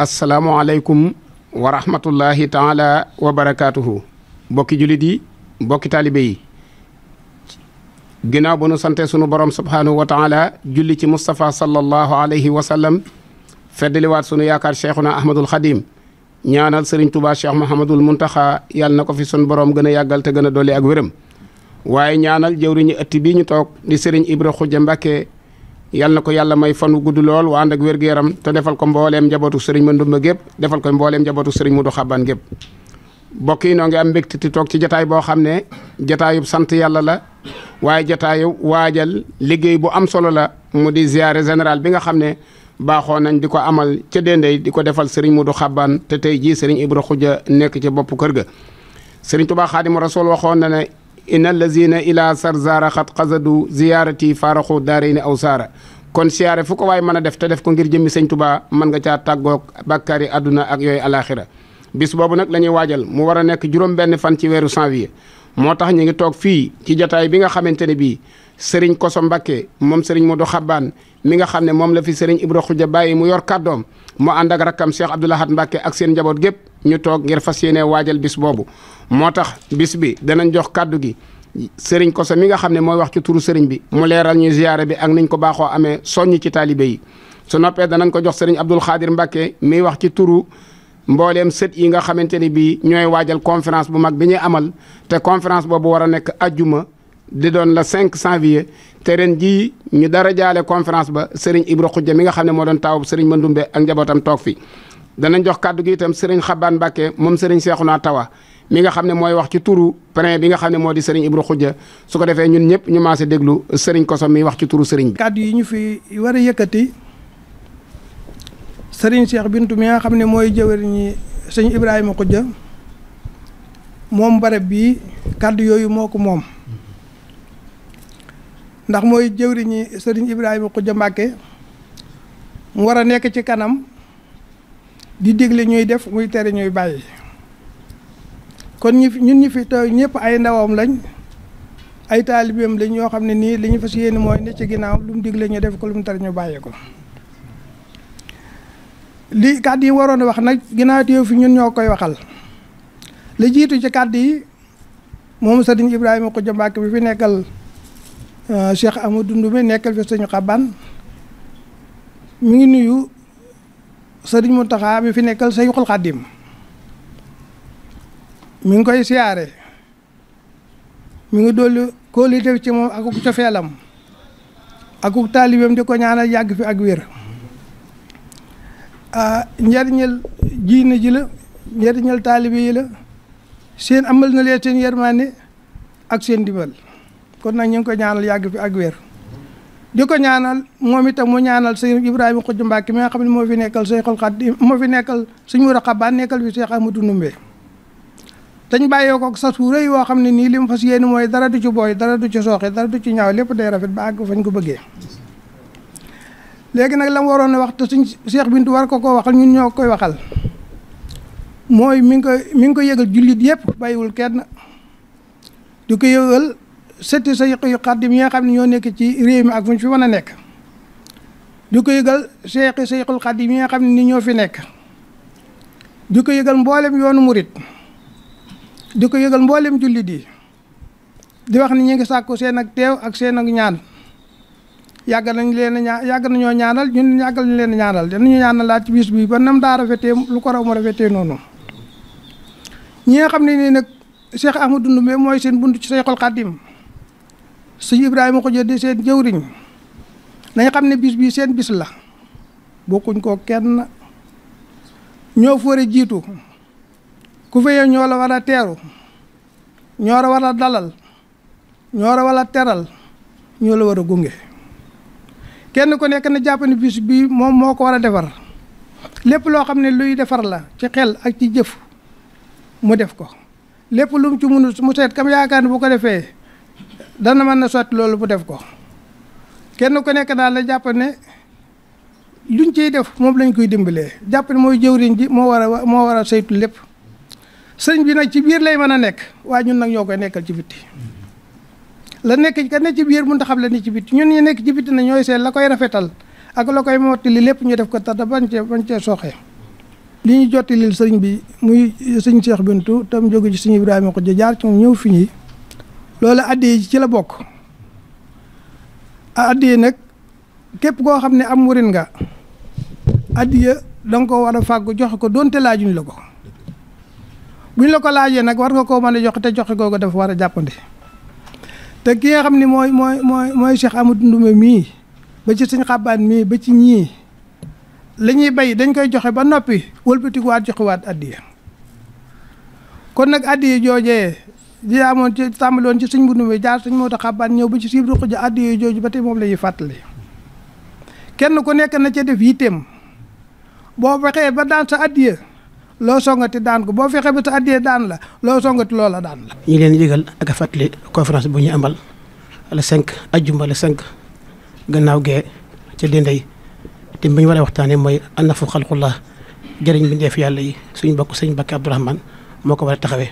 asalaamualeykum wa rahmatullahi taala wa barakaatuhu mbokki jullit yi mbokki taalibe yi ginnaaw bu nu sante sunu borom subhaanahu wa taala julli ci Moustapha sallallahu alayhi wa sallam sunu yaakaar cheikhuna Ahmadul Xadim ñaanal sëriñ Touba Cheikh Mouhamadul Muntaxa yàlla na ko fi sunu boroom gën a yàggal te gën a dolli ak wéram waaye ñaanal jëwriñu ëtt bii ñu toog di sëriñ Ibra Xuja Mbàkke yal na ko yàlla may fan wu gudd lool wa ànd ak wér-gu-yaram te defal ko mbooleem njabootu sëriñ Mandumba gépp defal ko mbooleem njabootu sëriñ Mudu Xaban gépp mbokk yi noo ngi am mbégte ti toog ci jataay boo xam ne jataayub sant yàlla la waaye jataayu waajal liggéey bu am solo la mu di ziare général bi nga xam ne baaxoo nañ di ko amal ca Dendey di ko defal sëriñ Mudu Xaban te tey jii sëriñ Ibra Xuja nekk ci bopp kër ga sëriñ Tuubaa inna allazina ila sarzara xat xasadu ziyaarati faaraxu daarayni aw saara kon siyaare fu ko waay mën a def te def ko ngir jëmmi sëñ Tuubaa mën nga caa tàggoog bàkkaari àdduna ak yooyu alaaxira bis boobu nag la waajal mu war a nekk juróom-benn fan ci weeru janvier moo tax ñu ngi toog fii ci jataay bi nga xamante ne bii sëriñ Koso Mbàkke moom seriñ sëriñ Modou Xabaan mi nga xam ne moom la fi sëriñ Ibra Xuja bàyyi mu yor kàddoom mu ànd ak rakkam Cheikh Abdoul Ahad Mbàkke ak seen njaboot gépp ñu toog ngir fas yéene waajal bis boobu moo tax bis bi danañ jox kàddu gi sëriñ Kosso mi nga xam ne mooy wax ci turu sëriñ bi mu leeral ñuy ziyaare bi ak niñ ko baaxoo amee soññ ci taalibe yi su noppee danañ ko jox sëriñ Abdul Xaadir Mbàkke miy wax ci turu mbooleem sët yi nga xamante ni bii ñooy waajal conférence bu mag bi ñuy amal te conférence boobu war a nekk ajjuma di doon la 5 janvier te ren jii ñu dara jaale conférence ba sëriñ Ibra Xujja mi nga xam ne moo doon taawub sëriñ Mandumbe ak njabootam toog fi danañ jox kàddu gi itam sëriñ Xabaan Mbàkke moom sëriñ naa Tawa mi nga xam ne mooy wax ci turu parrain bi nga xam ne moo di sëriñ Ibra Xujja su ko defee ñun ñëpp ñu maase déglu sëriñ Koso mi wax ci turu sëriñ bi. kàddu yi ñu fi war a yëkkati sëriñ Cheikh Bintu mi nga xam ne mooy jëwëriñi sëñ Ibrahima Xujja moom barab bii kàddu yooyu moo moom ndax mooy jëwriñi sëriñ Ibrahima Xujja Mbàkke mu war a nekk ci kanam. di dégle ñuy def muy tere ñuy bàyyi kon ñi fi ñun ñi fi teew ñëpp ay ndawam lañ ay taalibeem lañ yoo xam ne nii li ñu fas yéene mooy ne ci ginnaaw lu mu digle ñu def ko lu mu tere ñu bàyyi ko. li kàddu yi waroon wax nag ginnaaw teew fi ñun ñoo koy waxal la jiitu ci kàddu yi moom sëriñ Ibrahima Khoudia Mbacké bi fi nekkal euh, Cheikh Amadou Ndoumé nekkal fi sëñ Xaban mi ngi nuyu. sëriñ Mountakha mi fi nekkal Seyxul Xaddim mi ngi koy siyaare mi ngi dolli kóolite ci moom akuk cofeelam akuk taalibeem di ko ñaanal yàgg fi ak wér ah, njariñal jiina jila la njariñal taalibe yi la seen amal na leen ak seen dimbal kon nag ñu ngi ko ñaanal yàgg fi ak weer di ko ñaanal moom itam moo ñaanal sëñ Ibrahima Xujj Mbàkke mi nga xam ne moo fi nekkal Seexul Xadiim moo fi nekkal suñ mu raxabaan nekkal fi Seex Amadu Ndumbe dañ bàyyee ko sas wu rëy woo xam ne nii li si fas yéene mooy dara du ci booy dara du ci sooxe dara du ci ñaaw lépp day rafet ba àgg fañ ko bëggee léegi nag la mu waroon a wax te suñ Seex Bintu war ko koo waxal ñun ñoo koy waxal mooy mi ngi ko mi ngi ko yëgal jullit yëpp bàyyiwul kenn du ko sëtti sa yu xaddim yi nga xam ne ñoo nekk ci réew mi ak fu ñu fi mën a nekk di ko yëgal seexi sayxul xaddim yi nga xam ne ni ñoo fi nekk di ko yëgal mboolem yoonu murit di ko yëgal mboolem jullit yi di wax ni ñu ngi sàkku seen ak teew ak seen ak ñaan yàgg nañ leen a ñaan yàgg nañoo ñaanal ñun yàggal ñu leen ñaanal danañu ñaanal laat ci biis bi ba nam daa rafetee lu ko raw mu rafetee noonu ñi nga xam ne nii nag Cheikh dund Ndoumbe mooy seen bunt ci sayxul xaddim sëñ Ibrahima Khoudia di seen jëwriñ nañ xam ne bis bii seen bis la bokkuñ koo kenn ñoo fóore jiitu ku feye ñoo la war a teeru ñoo la war a dalal ñoo la war a teral ñoo la war a gunge kenn ku nekk na jàpp ne bis bii moom moo ko war a defar lépp loo xam ne luy defar la ci xel ak ci jëf mu def ko lépp lu mu ci mënul mu seet kam yaakaar ne bu ko defee dana mën na sotti loolu bu def ko kenn ku nekk daal la jàpp ne luñ ciy def moom lañ koy dimbalee jàpp ne mooy jëwriñ ji moo war a moo war a saytu lépp sëñ bi nag ci biir lay mën a nekk waaye ñun nag ñoo koy nekkal ci bitti la nekk ka ne ci biir mun ta xam la ni ci bitti ñun ñu nekk ci bitti na ñooy seet la koy rafetal ak la koy mottali lépp ñu def ko te bañ cee bañ cee sooxee li ñu jottali sëriñ bi muy sëñ Cheikh Bintou tam jóge ci sëñ Ibrahima ko jaar ci ñëw fi ñi loole addiya ci la bokk a addiya nag képp koo xam ne am murit nga addiya danga ko war a fàgg joxe ko donte laajuñ la ko buñ la ko laajee nag war nga koo mën a joxe te joxe koo ko dafa war a jàppandi te ki nga xam ni mooy mooy mooy mooy Cheikh Amadou Ndoumbé mii ba ci sëñ xabaan mii ba ci ñii la ñuy bay dañ koy joxe ba noppi wëlbatikuwaat joxewaat addiya kon nag addiya joojee di amoon ci tàmbaloon ci sëñ mbundu mi jaar sëñ moo tax xabaat ñëw ba ci siib ruq ji addi jooju ba tey moom la ñuy fàttali kenn ku nekk na ca def yitteem boo fexee ba daan sa addiya loo songati daan ko boo fexee ba sa addiya daan la loo songati loola daan la. ñu leen digal ak a fàttali conférence bu ñu amal la cinq ajjuma le cinq gannaaw gee ca Dendey te bi ñu war a waxtaanee mooy annafu xalqullah jëriñ bi ndeef yàlla yi suñu bokk sëñ Mbàkke Abdourahmane moo ko war taxawee.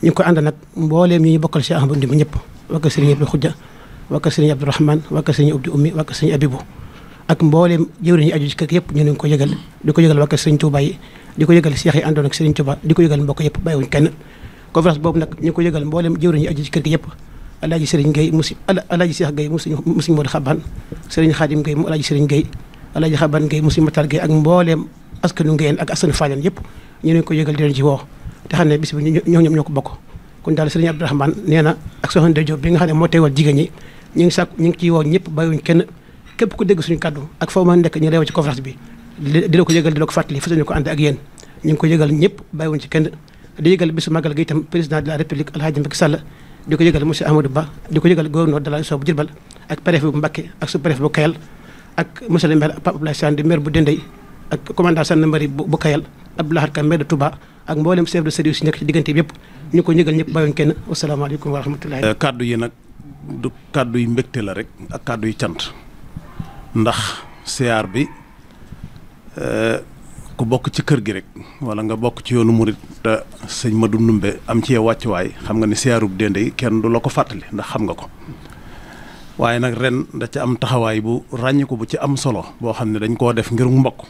ñu ngi ko ànd nag mbooleem ñi ñu bokkal si Ahmadu Ndimba ñëpp wakka sëriñ Abdou Xujja wakka sëriñ Abdou Rahman wakka sëriñ Abdou Ummi wakka sëriñ yëpp ñu ngi ko yëgal di ko yëgal wakka sëriñ Touba yi di ko yëgal seex yi di ko yëgal mbokk yëpp bàyyiwuñ kenn conférence boobu nag ñu ngi ko yëgal mbooleem jëwriñ yi aju ci kër gi yëpp alaaji sëriñ Gueye mu si alaaji Seex Gueye mu si mu si Modou Xaban sëriñ Xaadim Gueye mu alaaji sëriñ Gueye alaaji Xaban Gueye mu si Matar Gueye ak mbooleem askanu Ngeyeen ñu ngi ko yëgal di leen ci woo te xam ne bis bi ñoo ñoom ñoo ko bokk kon daal sëriñ Abdourahmane nee na ak soxna Ndeye Diop bi nga xam ne moo teewal jigéen ñi ñu ngi sàkk ñu ngi ciy bàyyiwuñ kenn képp ku dégg suñu kàddu ak foo mën nekk ñu reew ci conférence bi di la ko yëgal di la ko fàttali fas ñu ko ànd ak yéen ñu ñëpp bàyyiwuñ ci kenn di yëgal bisu màggal gi ko yëgal monsieur Amadou Ba di ko yëgal gouverneur de la région bu Diourbel ak préfet bu Mbacké ak sous-préfet bu Kayal ak monsieur ak mboolem chef de service yi nekk ci diggante bi yëpp ñu ko ñëgal ñëpp bàyyoon kenn wasalaamaaleykum wa rahmatullahi euh, kaddu yi nag du kaddu yi mbégte la rek ak kaddu yi cant ndax siyaar bi euh, ku bokk ci kër gi rek wala nga bokk ci yoonu murit te sëñ Madou Ndumbe am ci yow wàccuwaay xam nga ni siyaarub dende yi kenn du la ko fàttali ndax xam nga ko waaye nag ren da ca am taxawaay bu ko bu ci am solo boo xam ne dañ koo def ngir mbokk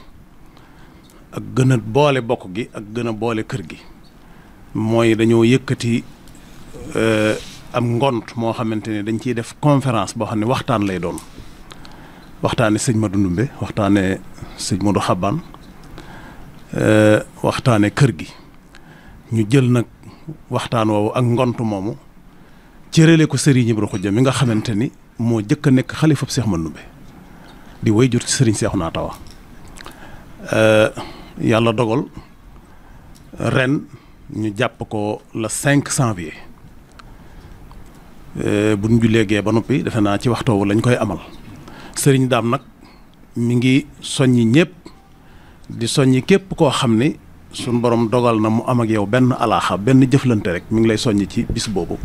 ak gën a boole bokk gi ak gën a boole kër gi mooy dañoo yëkkati euh, am ngont moo xamante ne dañ ciy def conférence boo xam ne waxtaan lay doon waxtaane sëñ Madou Ndumbe waxtaane sëñ Modou Xaban euh, waxtaane kër gi ñu jël nag waxtaan woowu ak ngont moomu cërale ko Serigne Ibra Khoudia mi nga xamante ni moo jëkk nekk xalifab Seex Madou Ndumbe di way jur Serigne Seexuna Tawa euh, yàlla dogal ren ñu jàpp ko le cinq janvier euh, bu ñu jullee gee ba noppi defe naa ci waxtu woowu lañ koy amal sëriñ daam nag mi ngi soññi ñëpp di soññ képp koo xam ni suñ borom dogal na mu am ak yow benn alaaxa benn jëflante rek mi ngi lay soññ ci bis boobu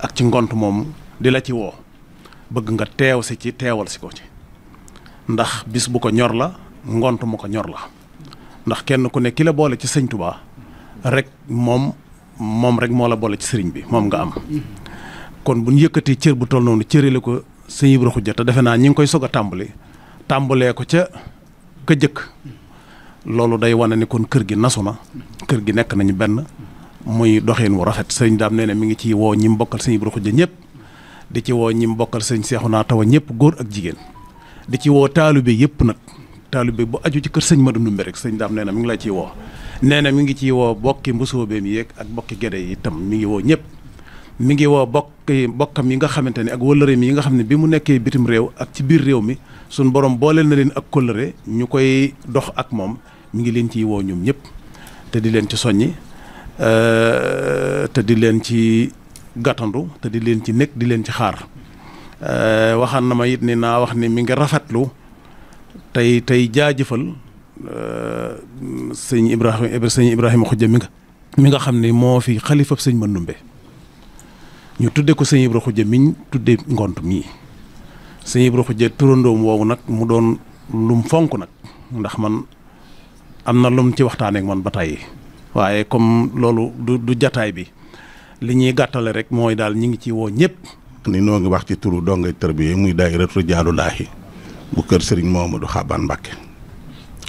ak ci ngont moom di la ci woo bëgg nga teew si ci teewal si ko ci ndax bis bu ko ñor la ngont mu ko ñor la ndax kenn ku ne kilo boole ci sëñ Touba rek moom moom rek moo la boole ci sëriñ bi moom nga am. kon bu ñu yëkkatee cër bu toll noonu cërale ko sëñ Ibra Xuja te defe naa ñi ngi koy sog a tàmbali tàmbalee ko ca ka jëkk loolu day wane ni kon kër gi nasu na kër gi nekk nañu benn muy doxin wu rafet sëñ daam nee na mi ngi ci woo ñi mu bokkal sëñ Ibra Xuja ñëpp di ci woo ñi mu bokkal sëñ Seexuna Tawa ñëpp góor ak jigéen di ci woo taalibe yëpp nag taalibe bu aju ci kër sëñ Madou Ndoumbe rek sëñ daam nee na mi ngi laa ciy woo nee na mi ngi ciy woo bokki mbusoobeem yeeg ak bokki gede yi tam mi ngi woo ñëpp mi ngi woo bokki bokkam yi nga xamante ne ak mi yi nga xam ne bi mu nekkee bitim réew ak ci biir réew mi suñ borom booleel na leen ak kóllëre ñu koy dox ak moom mi ngi leen ciy woo ñoom ñëpp te di leen ci soññi euh, te di leen ci gàttandu te di leen ci nekk di leen ci xaar euh, waxaan na ma it ni naa wax ni mi ngi rafetlu tey tey jaajëfal euh, sëñ Ibrahima eh, sëñ Ibrahima Khoudia mi nga mi nga xam ne moo fi xalifa sëñ Mandoumbe ñu tudde ko sëñ Ibrahima Khoudia miñ tudde ngont mii sëñ Ibrahima Khoudia turandoom woowu nag mu doon lum fonk nag ndax man am na lum ci waxtaaneek ak man ba tàyyi waaye comme loolu du du jataay bi li ñuy gàttale rek mooy daal ñi ngi ci woo ñëpp. ni noo ngi wax ci turu dongay tërbiye muy daayira Rijaanu Laahi bu kër Serigne Momadou Xaban Mbacke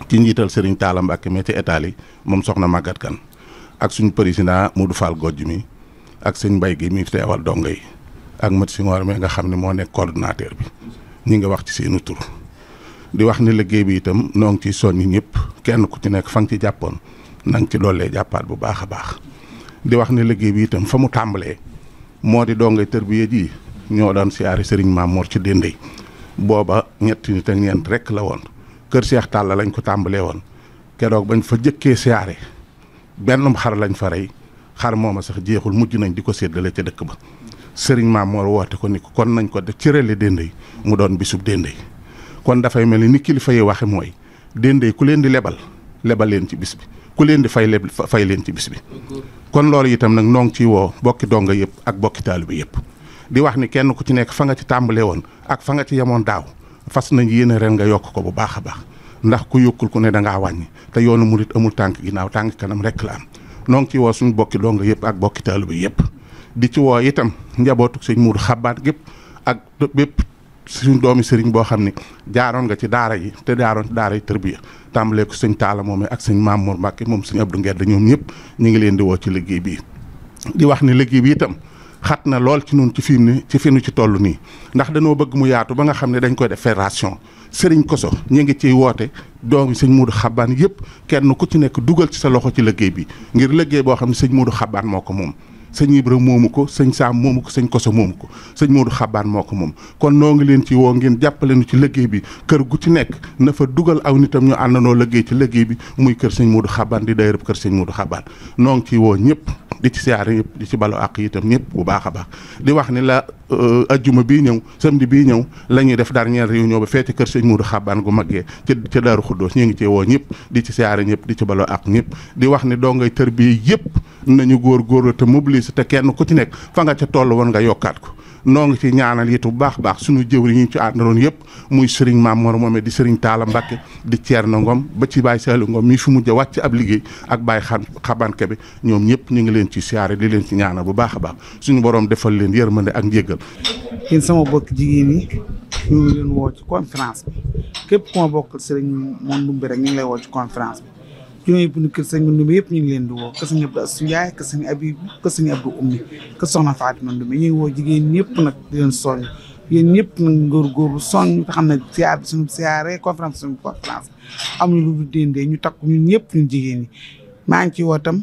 ci njiital Serigne Talla Mbacke mais ci état moom soxna Maguette Kane ak suñ suñu président du Fall Godj mi ak suñ mbay gi mi teewal dongo yi ak Mat Singor mi nga xam ni moo nekk coordonnateur bi ñi nga wax ci seenu tur di wax ni liggéey bi itam noo ci ciy soññi ñëpp kenn ku ci nekk fa nga ci jàppoon na nga ci loolee jàppaat bu baax a baax di wax ne liggéey bi itam fa mu tàmbalee moo di dongo tër bi ji ñoo daan siyaare Serigne Mamour ci dende booba ñetti nit ak ñeent rek la woon kër Cheikh Talla lañ ko tàmbalee woon keroog bañ fa jëkkee siyaare benn xar lañ fa rey xar mooma sax jeexul mujj nañ di ko séddale ca dëkk ba sëriñ maam Mor woote ko ni ko kon nañ ko def ci rele Dendeye mu doon bisub Dendeye kon dafay mel ni kilifa yi waxe mooy Dendeye ku leen di lebal lebal leen ci bis bi ku leen di fay leb fay leen ci bis bi kon loolu itam nag noo ngi ciy woo bokki donga yëpp ak bokki taalibe yëpp di wax ni kenn ku ci nekk fa nga ci tàmbalee woon ak fa nga ci yemoon daaw fas nañ yéene ren nga yokk ko bu baax a baax ndax ku yokkul ku ne da ngaa wàññi te yoonu murit amul tànk ginnaaw tànk kanam rek la am noo ngi ci woo suñu bokki dong yëpp ak bokki taalibe bi yëpp di ci woo itam njabootu sëñ Muuru Xabaat gépp ak bépp suñu doomi sëriñ boo xam ne jaaroon nga ci daara yi te jaaroon ci daara yi tërbiya tàmbalee ko sëñ Taala moom ak sëñ Mamour Mbàkke moom sëñ Abdou Ngedd ñoom ñëpp ñu ngi leen di woo ci liggéey bi di wax ni liggéey bi itam xat na lool ci nun ci fii ni ci fi nu ci toll nii ndax dañoo bëgg mu yaatu ba nga xam ne dañ koy def fédération sëriñ koso ñu ngi ciy woote doomi sëñ Moodu xabbaan yëpp kenn ku ci nekk dugal ci sa loxo ci liggéey bi ngir léggéey boo xam ne sëñ Moodu xabbaan moo ko moom sëñ Ibra moomu ko sëñ Saam moomu ko sëñ Koso moomu ko sëñ Moodu xabbaan moo ko moom kon noo ngi leen ci woo ngeen jàppale nu ci liggéey bi kër gu ci nekk na fa dugal aw nitam ñu àndandoo liggéey ci liggéey bi muy kër sëñ Moodu Xabaan di dayrëb kër sëñ Moodu Xabaan noo ngi ciy woo ñëpp di ci siyaar ñëpp di ci balu ak itam ñëpp bu baax a baax di wax ni la euh, ajjuma bii ñëw samedi bii ñëw la ñuy def dernière réunion ba feete kër sëñ Muudu Xabaan gu maggee ca ca Daaru Xuddoos ñu ngi cee woo ñëpp di ci siyaar ñëpp di ci balu ak ñëpp di wax ni dongay tër bii yëpp nañu góor góorlu te mobiliser te kenn ku ci nekk fa nga ca toll woon nga yokkaat ko noo ci ñaanal it bu baax baax suñu jëwri ñu ci àndaloon yëpp muy sëriñ Maam Mor moome di sëriñ Taala Mbàkke di Ceerno Ngom ba ci Baye Saalu Ngom mii fi mujj wàcc ab liggéey ak Baye xam xabanke bi ñoom ñëpp ñu ngi leen ci siyaare di leen ci ñaanal bu baax a baax suñu borom defal leen yërmande ak njéggal yéen sama bokk jigéen yi ñu ngi leen woo ci conférence bi képp ku ma bokkal sëriñ Moon Ndumbe rek ñu ngi lay woo ci conférence bi juróomi bunt kër sëñ Ndumbe yëpp ñu ngi leen di woo kër sëñ Abdou Assou Ndiaye kër sëñ Abib kër sëñ Abdou Oumy kër soxna Fatima Ndumbe ñu ngi woo jigéen ñëpp nag di leen soññ yéen ñëpp nag góorgóorlu soññ te xam ne siyaar bi suñu siyaare conférence suñu conférence amuñu lu dul déndee ñu takku ñun ñëpp ñun jigéen ñi maa ngi ci woo tam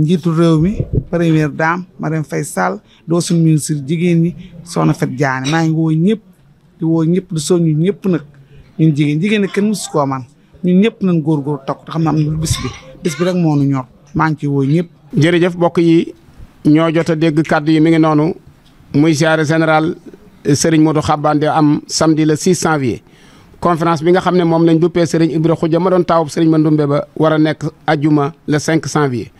njiitu réew mi première dame Marème Faye Sall doo suñu ministre jigéen ñi soxna Fatou Diané maa ngi woo ñëpp di woo ñëpp di soññ ñëpp nag ñun jigéen jigéen ne kenn musu koo man ñun ñëpp nañ góor toog te xam ne am na bis bi bis bi rek moo nu ñor maa ngi ciy woo ñëpp. jërëjëf mbokk yi ñoo jot a dégg kàddu yi mi ngi noonu muy siyaare général Serigne Modou Xabaan di am samedi le 6 janvier. conférence bi nga xam ne moom lañ duppee Serigne Ibra Khoudia ma doon taawub Serigne Mandoumbe ba war a nekk ajjuma le 5 janvier.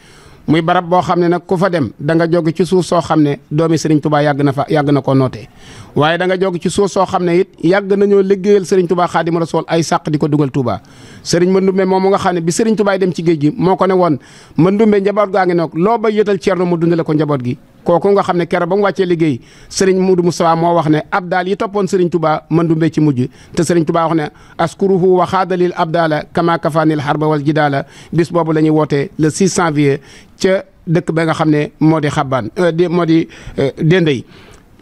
muy barab boo xam ne nag ku fa dem da nga jóg ci suuf soo xam ne doomi Serigne Touba yàgg na fa yàgg na koo nootee waaye danga nga ci suuf soo xam ne it yàgg nañoo liggéeyal Serigne Touba Xaadimu Rasuul ay sàq di ko dugal Touba Serigne Mandoumbe moom mu nga xam ne bi Serigne Touba dem ci géej gi moo ko ne woon Mandoumbe njaboot gaa ngi noog loo bay yëtal ceerno mu dundale ko njaboot gi kooku nga xam ne keroog ba mu wàccee liggéey sëriñ Mudu Mustafa moo wax ne abdaal yi toppoon sëriñ Tuubaa mën du mbee ci mujj te sëriñ Tuubaa wax ne askuruhu wa xaadalil abdaala kama kafaanil harba wal jidaala bis boobu la ñuy wootee le 6 janvier ca dëkk ba nga xam ne moo di xabbaan euh, moo di euh, déndey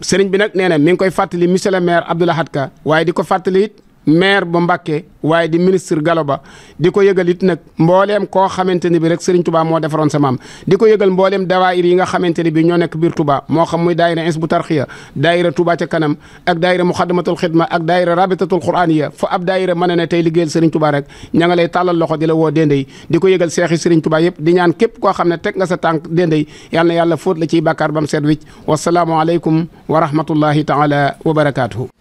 sëriñ bi nag nee na mi ngi koy fàttali monsieur le maire Abdou Lahad Ka waaye di ko fàttali maire bu Mbàkke waaye di ministre Gallo Ba di ko yëgal it nag mbooleem koo xamante ne bi rek Serigne Touba moo defaroon sa maam di ko yëgal mbooleem dawaayir yi nga xamante ne bi ñoo nekk biir Touba moo xam muy daayira Hizbut Tarqiyyah daayira Touba ca kanam ak daayira Muxaddamatul Xidma ak daayira Rabitatul Quraaniya fa ab daayira mën a ne tey liggéeyal Serigne Touba rek ña nga lay tàllal loxo di la woo déndey di ko yëgal seexi Serigne Touba yëpp di ñaan képp koo xam ne teg nga sa tànk déndey yal na yàlla fóot la ciy bàkkaar bam seet wicc wasalaamu aleykum wa rahmatullahi taala wa barakaatuhu